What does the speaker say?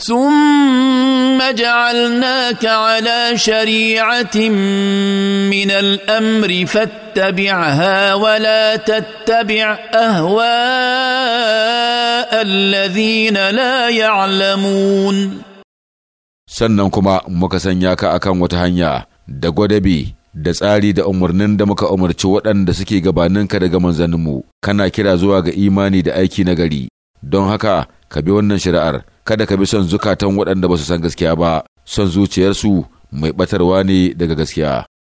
ثم جعلناك على شريعه من الامر فاتبعها ولا تتبع اهواء الذين لا يعلمون sannan kuma muka sanya ka akan wata hanya da gwadabi da tsari da umarnin da muka umarci waɗanda suke gabaninka daga manzanninmu kana kira zuwa ga imani da aiki na gari don haka ka bi wannan shari'ar kada ka bi son zukatan waɗanda ba su san gaskiya ba son zuciyarsu mai ɓatarwa ne daga gaskiya